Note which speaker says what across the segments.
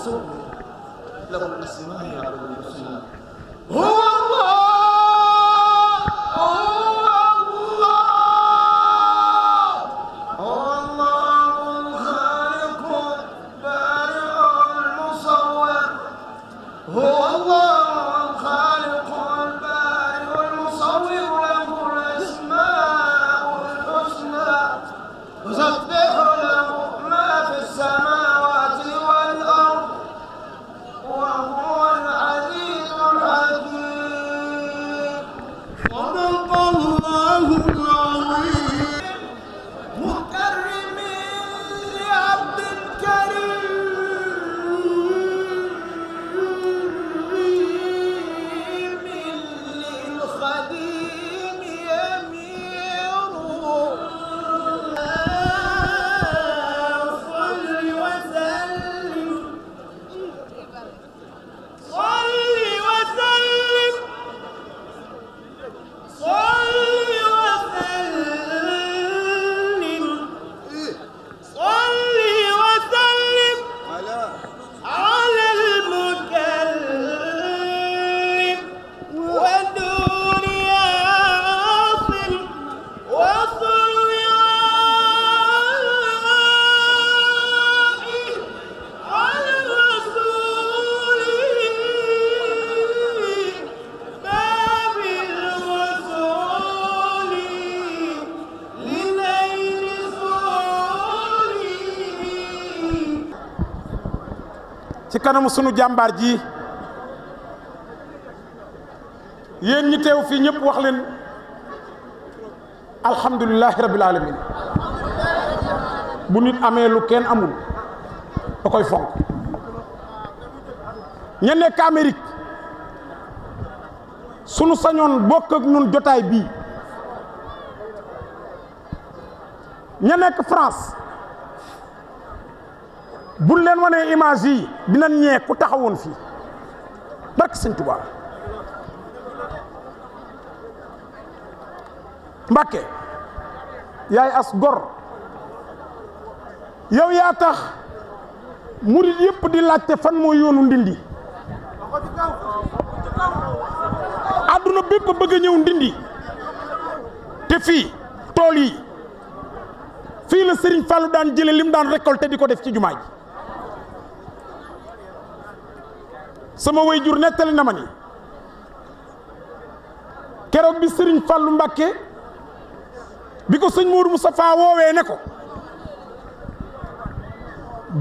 Speaker 1: الرسول له الاسماء الحسنى هو kanamu sunu jàmbaar ji yéen ñi teew fii ñëpp wax leen alhamdulilahi rabbil bu nit amee lu kenn amul da koy fonk ña nekk Amérique sunu sañoon bokk ak ñun jotaay bii ña nekk France buñ leen wanee image yi dina ñee ku woon fii barke sëñ Tuubaa Mbàkke yaay as gor yow yaa tax murit yëpp di laajte fan moo yoonu ndindi àdduna bépp bëgg ñëw ndindi te fii tool yi fii la Serigne Fallou daan jële mu daan récolté di ko def ci jumaa ji sama wayjur nettali na ma ni keroog bi sëriñ Fàllu Mbàkke bi ko sëñ Moodu Mustafaa woowee ne ko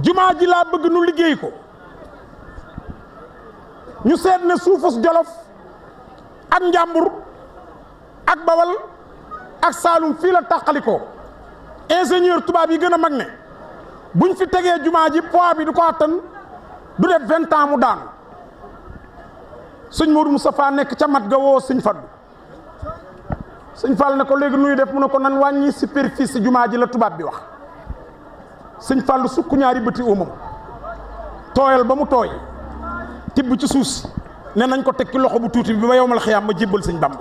Speaker 1: jumaa ji laa bëgg nu liggéey ko ñu seet ne suufus Jolof ak Njàmbur ak Bawal ak Saalum fii la tàqalikoo ingénieur tubaab yi gën a mag ne buñ fi tegee jumaa ji poids bi du ko attan du def vingt ans mu daanu sëñ mu Moustapha nekk ca mat ga woo sëñ Fadlu sëñ fal ne ko léegi nuy def mu ne ko nan wàññi superficie jumaa ji la tubaab bi wax sëñ Fallu sukk ñaari bëti umam tooyal ba mu tooy tibb ci suuf si ne nañ ko ki loxo bu tuuti bi ba yowmal xiyaam ma jébbal sëñ Bamba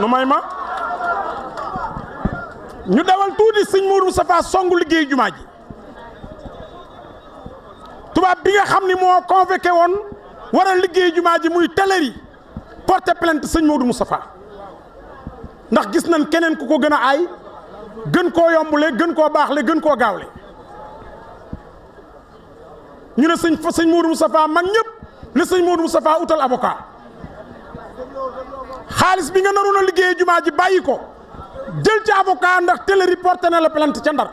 Speaker 1: nu may ma ñu dawal tuuti sëñ Modou Moustapha songu liggéey jumaa ji tubaab bi nga xam ni moo convoqué woon war a liggéey jumaa ji muy Teleri porté plainte sëñ Maodo Moustapha ndax gis nañ keneen ku ko gën a ay gën koo yombule gën koo baax baaxle gën koo gaaw gaawle ñu ne sëñ fa sëñ Maodo Moustapha mag ñëpp ne sëñ Maodo Moustapha utal avocat xaalis bi nga naroon a liggéey jumaa ji bàyyi ko jël ci avocat ndax Teleri porté na la ca Ndar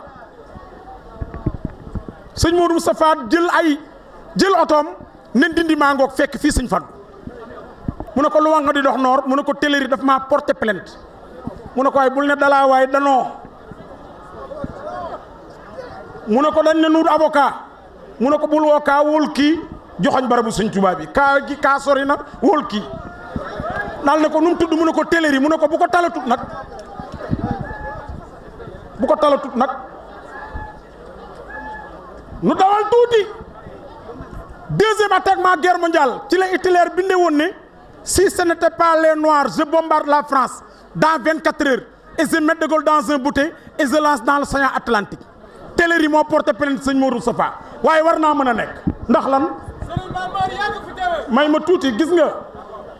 Speaker 1: sëñ Modou Moustapha jël ay jël otoom nen dindi maa ngoog fekk fii sëñ Fallou mu ne ko lu nga di dox noor mu ne ko téléri daf maa porté plainte mu ne ko ay bul ne dalaa waay danoo mu ne ko dañ ne nuur avocat mu ne ko bul woo kaa wóol kii joxoñ barabu sëñ Tuubaa bi kaa gi kaa sori na wóol kii daal ne ko nu mu tudd mu ne ko téléri mu ne ko bu ko talatut nag bu ko talatut nag nu dawal tuuti deuxième attaquement guerre mondiale ci la Hitler binde woon ne si ce n'était pas les noirs je bombarde la France dans vingt quatre heures et je mets de Gaulle dans un bouteille et je lance dans l'océan Atlantique Teleri moo porté sëñ Modou Safa waaye war naa mën a nekk ndax lan may ma tuuti gis nga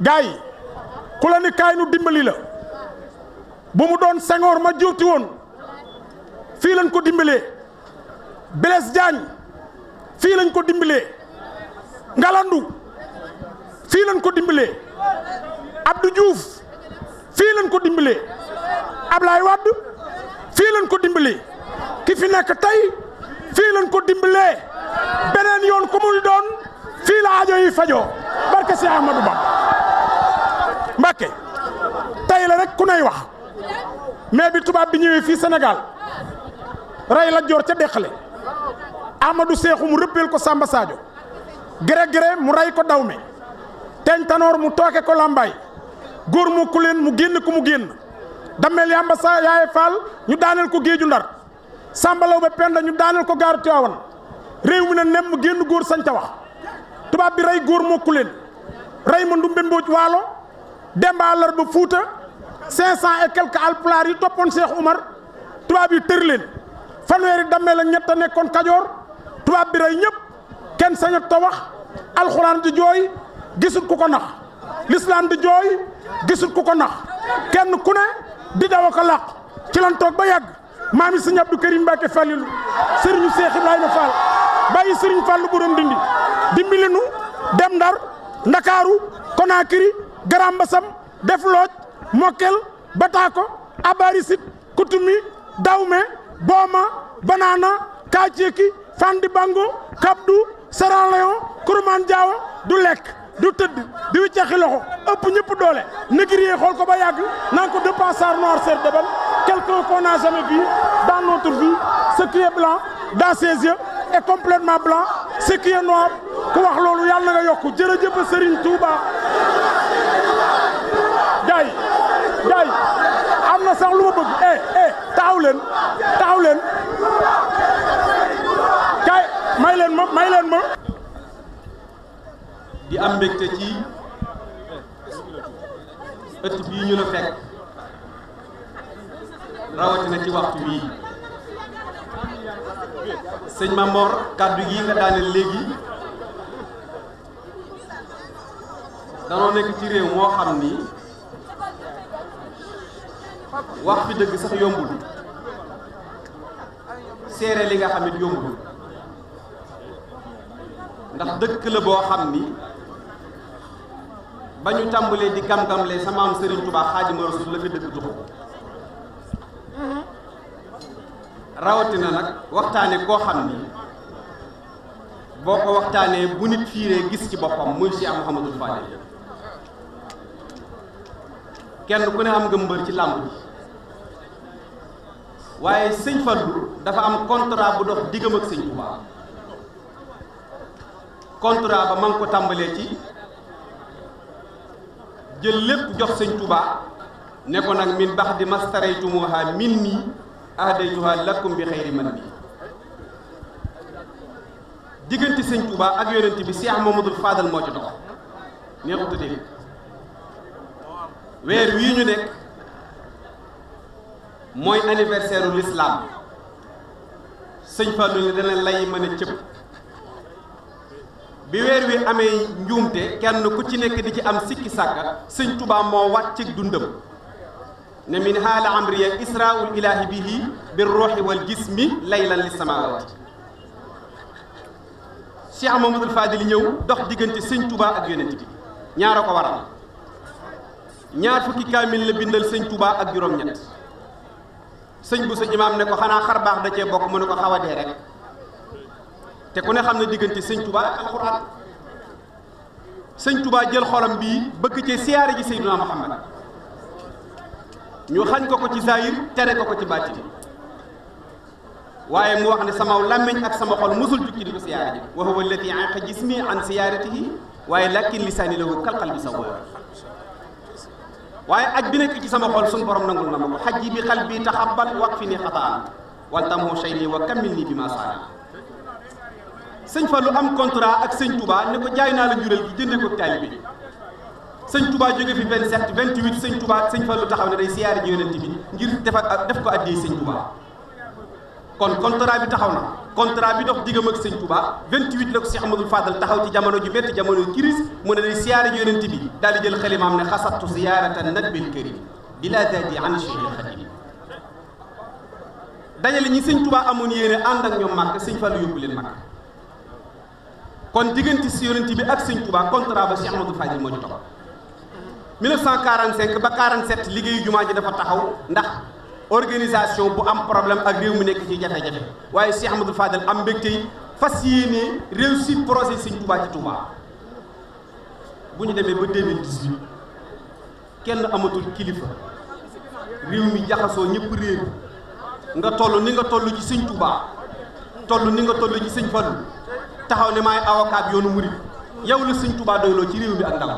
Speaker 1: gars yi ku la ni kaay nu dimbali la bu mu doon Senghor ma jiwti woon fii lañ ko dimbalee Blaise Diagne fii lañ ko dimbalee Ngalandu fii lañ ko dimbalee Abdou Diouf fii lañ ko dimbalee Ablaye Wade fii lañ ko dimbalee ki fi nekk tey fii lañ ko dimbalee beneen yoon ku muy doon fii la aajo yi fajoo barke si Ahmadou Ba Mbàkke tey la rek ku nay wax mais bi tubaab bi ñëwee fii senegal rey la joor ca deqale Amadou Seexu mu rëppeel ko Samba Sadio Géré Géré mu ray ko Dawme teñ tanoor mu tooke ko Lambaay góor mu kuleen mu génn ko mu génn Damel Yamba sa Yaaye Fall ñu daaneel ko géeju Ndar Samba Law ba Penda ñu daaneel ko gaaru Tiwaawan réew mi ne nem génn góor sañ wax tubaab bi rey góor mu kuleen rey ma Ndumbe Mbooj Waalo Demba Alar ba Fuuta sen cent et quelques alpulaar yi toppoon Cheikh Oumar tubaab yi tër leen fanweeri Damel ak ñett a nekkoon Kajoor tubaab bi rey ñëpp kenn sañut ta wax alxuraan di jooy gisul ku ko nax lislaam di jooy gisul ku ko nax kenn ku ne di daw ko làq ci ba yàgg maami sëriñ Abdou Karim Mbacke Fallilu sëriñu Cheikh Ibrahima Fall bàyyi sëriñ Fallu borom dindi dimbali nu dem Ndar Ndakaaru Konaakiri Garam Basam def looj Mokkel Bataako Abarisit Kutumi Dawme Booma Banaana Kaaciki Fandi Bango Kabdu Saran Leon Kurmaan Jaawa du lekk du tëdd di wiccaxi loxo ëpp ñëpp doole négrier xool ko ba yàgg naan ko dépensar noir ser debal quelqu'un qu'on n'a jamais vu dans notre vie ce qui est blanc dans ses yeux est complètement blanc ce ku wax loolu yàlla na nga yokku jërëjëf Serigne Touba gaay gaay am na sax lu ma bëgg eh eh taxaw leen ma may leen ma.
Speaker 2: di am mbégte ci ëtt bii ñu la fekk rawatina ci waxtu bii sëñ Mamor kàddu gi nga daaneel léegi
Speaker 3: danoo nekk ci réew moo xam ni
Speaker 1: wax fi dëgg sax
Speaker 2: yombul seere li nga xam it yombul. ndax dëkk la boo xam ni ba ñu tàmbalee di gam-gamlee sama maam Serigne Touba Xaadimu Rasuul la fi dëkk joxu rawatina nag waxtaane koo xam ni boo ko waxtaanee bu nit fiiree gis ci boppam muy Cheikh Mouhamadou Fadel kenn ku ne am nga mbër ci làmb bi waaye sëñ Fallou dafa am contrat bu dox diggam ak sëñ Touba. contrat ba ma ngi ko tàmbalee ci jël lépp jox sëñ Touba nekkoon ko nag min bax di mastaraytumuha min nii ahdaytuha lakum bi xayri man bi diggante sëñ Touba ak yonent bi Cheikh Mamadou Fadal moo ci dox neexut weer wii ñu nekk mooy anniversaire u l'islam sëñ Fallou ne dana lay mën a cëpp bi weer wi amee njuumte kenn ku ci nekk di ci am sikki sàkka sëñ Tuubaa moo wàcc ci dundam ne min haala amriya israul ilahi bihi bi ruuxi wal jismi laylan li samaawaati Cheikh Mamadou Fadil ñëw dox diggante sëñ Tuubaa ak yonent bi ñaara ko waral ñaar fukki kaamil la bindal sëñ Tuubaa ak juróom-ñett sëñ bu sa imaam ne ko xanaa xar baax da cee bokk mën ne ko xawadee rek te ku ne xam ne diggante sëñ Touba ak alxuraan sëñ Touba jël xolam bi bëgg ci siyaare ji Seydina Muhammad ñu xañ ko ko ci zahir tere ko ko ci bàtin waaye mu wax ne sama làmmiñ ak sama xol musul jukki di ko siyaare ji wa huwa allati aqa jismi an siyaaratihi waaye lakin lisaani lahu kalxal bi sawwa waaye aj bi nekk ci sama xol suñu borom nangul na ma ko xaj bi xal bi taxabal waq fi ni xataan moo shay nii wa kammil nii bi ma saani sëñ Fallou am contrat ak sëñ Touba ne ko jaay naa la njureel gi jëndee ko taalibe bi sëñ Touba jóge fi 27 28 sëñ Touba ak sëñ Fallou taxaw ne day siyaare ji yonent bi ngir def ak def ko addee sëñ Touba kon contrat bi taxaw na contrat bi dox diggam ak sëñ Touba 28 la ko seex manul Fadal taxaw ci jamono ji métti jamono crise mu ne day siyaare ji yonent bi daal di jël xalimaam ne xasattu ziyaaratan nabil karim bila zadi an cheikhil xadim dajale ñi sëñ Touba amoon yéene ànd ak ñoom màkk sëñ Fallou yóbbu leen màkk kon diggante si yonent bi ak sëñ Tuubaa contrat ba Cheikh Amadou Fadil moo ci topp 1945 ba 47 liggéeyu jumaa ji dafa taxaw ndax organisation bu am problème ak réew mu nekk ci jafe-jafe waaye Cheikh Amadou Fadil am mbégte yi fas yéene réussir projet sëñ Tuubaa ci Tuubaa bu ñu demee ba 2018 kenn amatul kilifa réew mi jaxasoo ñëpp réew nga tollu ni nga toll ci sëñ Tuubaa toll ni nga toll ci sëñ Fallu taxaw ne maay avocat bi yoonu murid yow la sëñ Tuubaa doyloo ci réew mi ak ndaw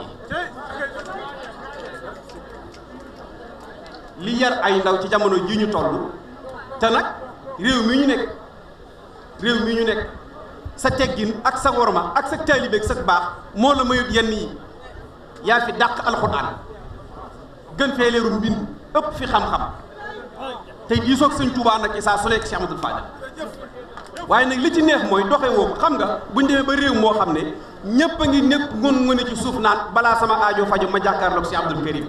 Speaker 2: li yar ay ndaw ci jamono ji ñu toll te nag réew mi ñu nekk réew mi ñu nekk sa teggin ak sa worma ak sa taalibeeg sa baax moo la mayut yenn yi yaa fi dàq alxuraan gën fee leeru mbind ëpp fi xam-xam tey diisoog sëñ Tuubaa nag ci saa su nekk Cheikh Amadou Fadal waaye nag li ci neex mooy doxe woo xam nga bu ñu demee ba réew moo xam ne ñëpp a ngi nekk ngon ngone ci suuf naan balaa sama aajo fajo ma jàkkaarloog si Abdou Karim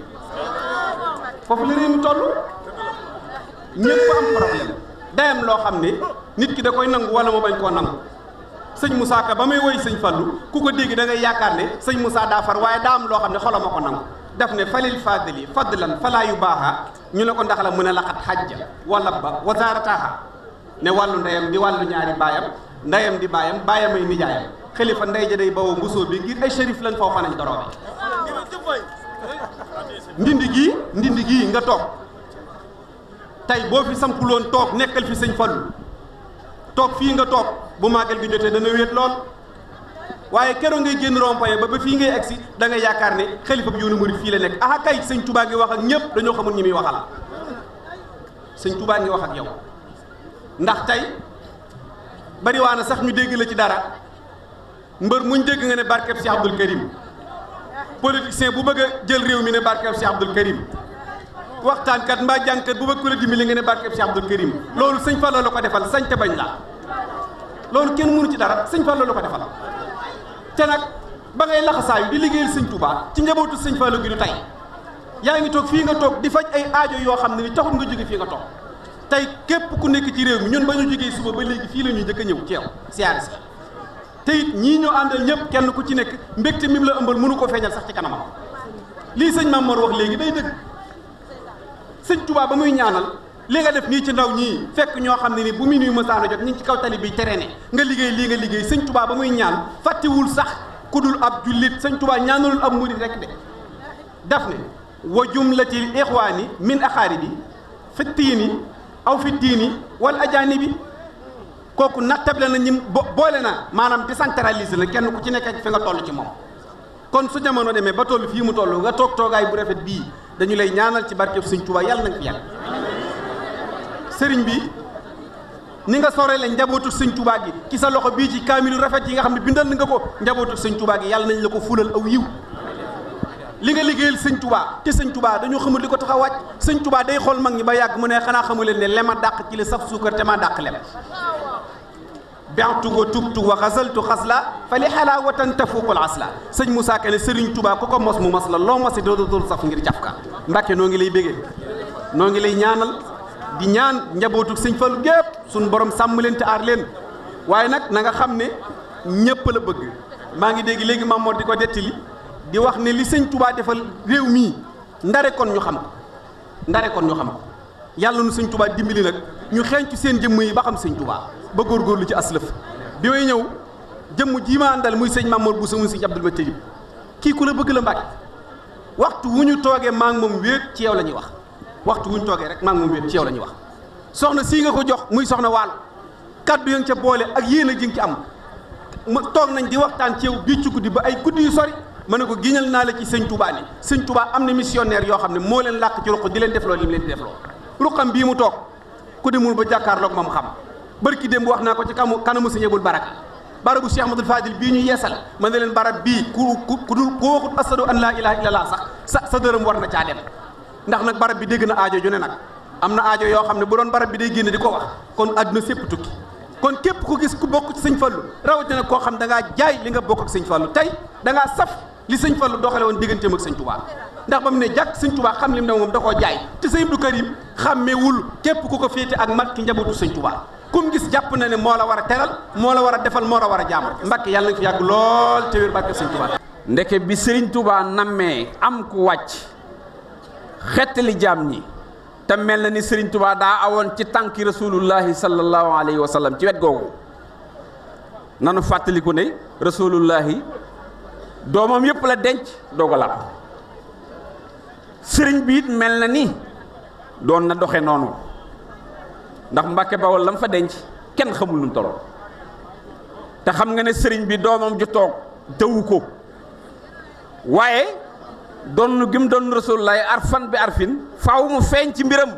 Speaker 2: foofu la réew mi toll am problème loo xam ne ki da koy nangu wala mu bañ koo nangu sëñ Moussa ba may woy sëñ Fallou ku ko dégg da yaakaar ne sëñ musaa daa far waaye daa am loo xam ne xolam a ko nangu daf ne falil fadli fadlan falaa yu baaxa ñu ne ko ndax la mën a laxat ja wala ba wasaarataha ne wàllu ndeyam di wàllu ñaari baayam ndeyam di baayam baayam ay nijaayam xalifa ndey ja day bawoo bi ngir ay shérif lañ foofa nañ doroobe ndindi gii ndindi gii nga toog tey boo fi sampuloon toog nekkal fi sëñ Fallu toog fii nga toog bu màggal gi jotee dana wéet lool waaye keroog ngay génn rond-point ba ba fii ngay egsi da ngay yaakaar ne xalifa bi yoonu murid fii la nekk aha kay sëñ ngi wax ak ñëpp dañoo xamul ñi muy waxal sëñ Touba ngi wax ak yow ndax tey bariwaana sax ñu dégg la ci dara mbër muñ dégg nga ne barkeb si Abdul Karim politicien bu bëgg jël réew mi ne barkeb si Abdul Karim waxtaankat mbaa jàngkat bu bëgg ku la dimbali nga ne barkeb si Abdul Karim loolu sëñ Fallou la ko defal sañ te bañ loolu kenn mënu ci dara sëñ Fallou la ko defal te nag ba ngay laxasaayu di liggéeyal sëñ Touba ci njabootu sëñ Fallou gi du tey yaa ngi toog fii nga toog di faj ay aajo yoo xam ne ni taxul nga jóge fii nga toog tey képp ku nekk ci réew mi ñun ba ñu jógee suba ba léegi fii la ñu njëkk ñëw teew siyaare si te ñii ñoo àndal ñëpp kenn ku ci nekk mbégte mi la ëmbal mënu ko feeñal sax ci kanamam lii sëñ Maam wax léegi day dëgg sëñ Tuubaa ba muy ñaanal li nga def nii ci ndaw ñii fekk ñoo xam ne ni bu mu nuyu mësaana jot ñu ci kaw tali bi terene nga liggéey lii nga liggéey sëñ Tuubaa ba muy ñaan fàttewul sax ku dul ab jullit sëñ Tuubaa ñaanalul ab murit rek de daf ne wa jumlatil ixwaani min axaari bi fittiini aw fi diini wala bi kooku nattable na ñi boole na maanaam de décentralisé la kenn ku ci nekk fi nga toll ci moom kon su jamono demee ba toll fii mu toll nga toog toogaay bu rafet bii dañu lay ñaanal ci barkeb Sëriñ Tuubaa yàlla na nga fi yàgg sëriñ bi ni nga sore la njabootu Sëriñ Tuubaa gi ci sa loxo bii ci kaamilu rafet yi nga xam ne bindal na nga ko njabootu Sëriñ Tuubaa gi yàlla nañ la ko fulal aw yiw li nga liggéeyal sëñ tubaa te sëñ tubaa dañoo xamul di ko tax a wàcc sëñ tubaa day xool mag ñi ba yàgg mu ne xanaa xamu leen ne lema dàq ci la saf suukar te ma dàq lem bentu ko tubtu wa xasaltu xasla fa li xalaa watan tafuqul asla sëñ Moussa Ka ne sëriñ tubaa ku ko mos mu mos la loo si doodotul saf ngir jaf ka mbàkke noo ngi lay bégee noo ngi lay ñaanal di ñaan njabootu sëñ Fallu gépp suñ borom sàmm leen te aar leen waaye nag na nga xam ne ñëpp la bëgg ngi dégg léegi Mamoor di ko di wax ne li sëñ tubaa defal réew mii ndare kon ñu xam ko ndare kon ñu xam ko yàlla nu sëñ Touba dimbali nag ñu xeeñ ci seen jëmm yi ba xam sëñ tubaa ba góorgóorlu ci aslëf bi may ñëw jëmm jii ma àndal muy sëñ Mamour Bousso muy sëñ Abdul Batalib kii ku la bëgg la Mbàkke waxtu wu ñu toogee maa ngi moom wéet ci yow la ñuy wax waxtu wu ñu toogee rek maa ngi moom wéet ci yow la ñuy wax soxna sii nga ko jox muy soxna waal kaddu ya nga ca boole ak yéen a ji ci am toog nañ di waxtaan ci yow bii ba ay guddi yu sori ma ne ko giñal naa la ci sëñ tubaa ni sëñ Touba am na missionnaire yoo xam ne moo leen làkk ci ruq di leen defloo li mu leen di defloo ruqam bii mu toog ku demul ba jàkkaarloog moom xam barki démb wax naa ko ci kamu kanamu sëñ Abul Baraka barabu Cheikh Madul Fadil bii ñu yeesal ma ne leen barab bii ku ku dul ku waxut asadu an laa ilaha illallah sax sa sa dërëm war na caa dem ndax nag barab bi dégg na aajo ju ne am na aajo yoo xam ne bu barab bi day génn di ko wax kon àdduna sépp tukki kon képp ku gis ku bokk ci sëñ Fallu rawatina koo xam da ngaa jaay li nga bokk ak sëñ Fallu tey da saf li sëñ Fallu doxale woon digganteem mag sëñ Touba ndax ba mu ne jàkk sëñ Touba xam lim ne moom da koo jaay te sëñ Abdou Karim xàmmewul képp ku ko féete ak mag ki njabootu sëñ Touba kum gis jàpp na ne moo
Speaker 3: la war a teral moo la war a defal moo la war a jaamu Mbàkke yàlla na fi yàgg lool te wér bàkke sëñ Touba ndeke bi sëriñ Touba nammee am ku wàcc xettali jaam ñi te mel na ni sëriñ tubaa daa awoon ci tànki rasulullahi sallallahu alayhi wa sallam ci wet googu nanu doomam yëpp la denc doog sëriñ bi it mel na ni doon na doxe noonu ndax Mbàkke Bawol la mu fa denc kenn xamul nu toloo te xam nga ne sëriñ bi doomam ju toog tewu ko waaye doon gi mu doon rasulullaay arfan bi arfin faaw mu feeñ ci mbiram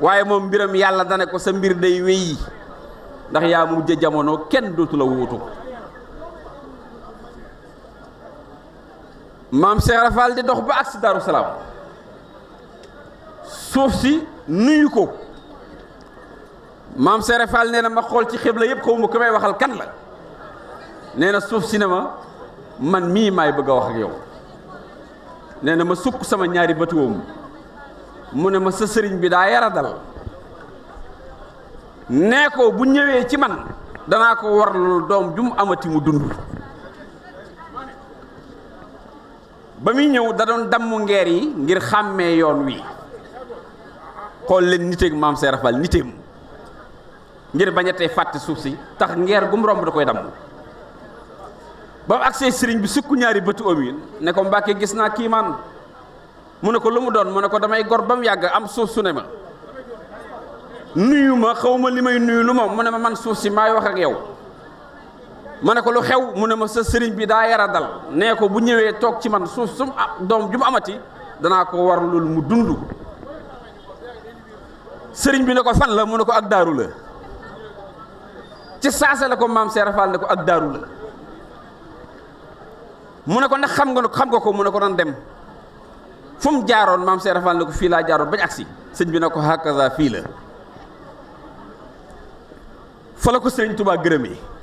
Speaker 3: waaye moom mbiram yàlla dana ko sa mbir day wéy ndax yaa mujj jamono kenn dootu la wuutu maam Cheikh Rafal di dox ba agsi Daaru Salaam suuf si nuyu ko maam Cheikh Rafal nee na ma xool ci xibla yëpp xaw ma ku may waxal kan la nee na suuf si ne ma man mii maay bëgg a wax ak yow nee na ma sukk sama ñaari batuwam mu ne ma sa sëriñ bi daa yara dal nee ko bu ñëwee ci man danaa ko warlul doom ju mu amati mu dund ba muy ñëw da doon damm ngeer yi ngir xàmmee yoon wi xool leen niteeg maam Seera Fall niteem ngir bañ a tey fàtte suuf si tax ngeer gum romb da koy damm ba mu agsee sëriñ bi sukk ñaari bëtu om yi ne ko Mbàkke gis naa kiimaan mu ne ko lu mu doon mu ne ko damay gor ba mu yàgg am suuf su ne ma nuyu ma xaw ma li may nuyu lu ma mu ne ma man suuf si may wax ak yow ma ne ko lu xew mu ne ma sa sëriñ bi daa yara dal nee ko bu ñëwee toog ci man suuf su ah, doom ju mu amati danaa ko war loolu mu dund sëriñ bi ne ko fan la mu ne ko ak daaru la ci saase la ko maam Seera Faal ne ko ak daaru la mu ne ko ndax xam nga xam nga ko mu ne ko nan dem fu jaaroon maam Seera Faal ne ko fii laa jaaroon bañ agsi sëñ bi ne ko hakaza fii la fa la ko sëriñ Tuubaa gërëmee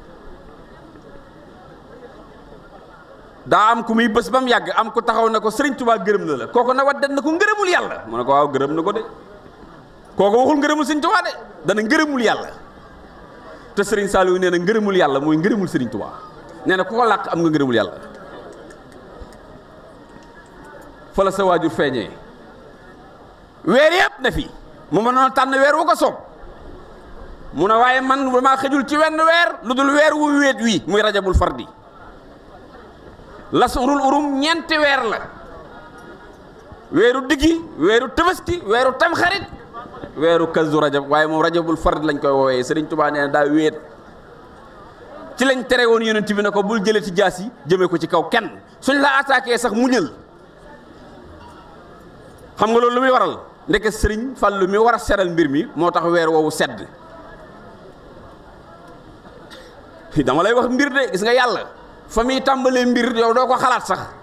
Speaker 3: daa am ku muy bés ba mu yàgg am ku taxaw na ko sëriñ Tuubaa gërëm na la kooku na waddat na ko ngërëmul yàlla mu ne ko waaw gërëm na ko de kooku waxul ngërëmul sëriñ Tuubaa de dana ngërëmul yàlla te sëriñ Saliou nee na ngërëmul yàlla mooy ngërëmul sëriñ Tuubaa nee na ku ko làq am nga ngërëmul yàlla fa la sa waajur feeñee weer yëpp na fi mu mënoon tànn weer wu ko soob mu ne waaye man damaa xëjul ci wenn weer lu dul weer wu wéet wii muy rajabul fardi lasurul urum ñeenti weer la weeru diggi weeru tabaski weeru tamxarit weeru kazu rajab waaye moom rajabul fard lañ koy woowee Sëriñ Tuubaa nee na daa wéet ci lañ tere woon yonent bi ne ko bul jëlee ci jaas yi jëmee ko ci kaw kenn suñ la attaqué sax muñal xam nga loolu lu muy waral ndeke Sëriñ Fallu mi war a seral mbir mi moo tax weer woowu sedd
Speaker 1: dama lay wax mbir de gis nga yàlla fa mi tàmbalee mbir yow doo ko xalaat sax